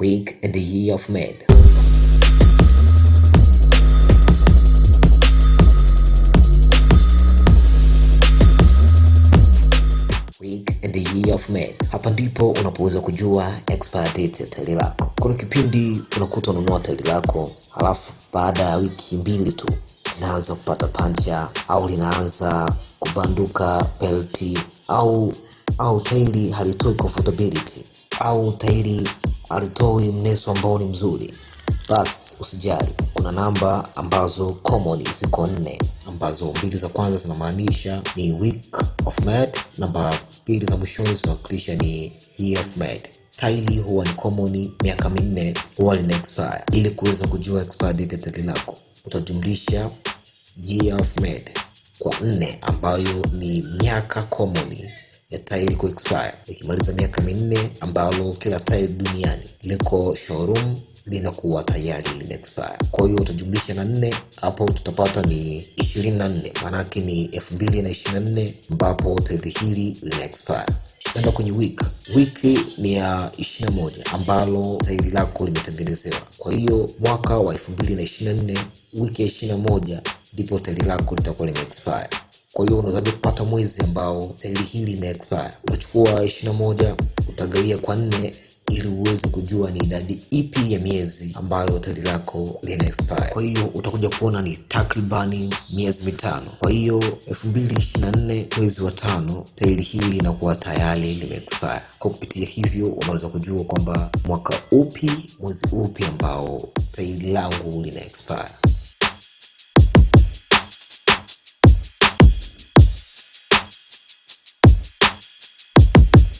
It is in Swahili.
Week and the Year of Med. Hapa ndipo unapoweza kujua expire date ya tali lako. Kuna kipindi unakuta unanunua teli lako halafu baada ya wiki mbili tu linaanza kupata pancha au linaanza kubanduka pelti au au tairi halitoi comfortability au tairi alitoa mneso ambao ni mzuri. Basi usijali, kuna namba ambazo common ziko nne, ambazo mbili za kwanza zinamaanisha ni week of med namba pili za mwishoni zinawakilisha ni years med Taili huwa ni common, miaka minne huwa lina expire. Ili kuweza kujua expire lako utajumlisha year of med kwa nne ambayo ni miaka common ya tairi ku expire ikimaliza miaka minne, ambalo kila tairi duniani liko showroom linakuwa tayari lime expire. Kwa hiyo utajumlisha na nne hapo tutapata ni ishirini na nne maanake ni elfu mbili na ishirini na nne ambapo tairi hili lina expire. Tutaenda kwenye wiki. Wiki ni ya ishirini na moja ambalo tairi lako limetengenezewa. Kwa hiyo mwaka wa elfu mbili na ishirini na nne wiki ya ishirini na moja ndipo tairi lako litakuwa lime expire. Kwa hiyo unawezaje kupata mwezi ambao tairi hili ime expire? Utachukua ishirini moja utagawia kwa nne ili uweze kujua ni idadi ipi ya miezi ambayo tairi lako lina expire. Kwa hiyo utakuja kuona ni takribani miezi mitano. Kwa hiyo 2024 mwezi wa tano tairi hili linakuwa tayari lime expire. Kwa kupitia hivyo, unaweza kujua kwamba mwaka upi, mwezi upi ambao tairi langu lina expire.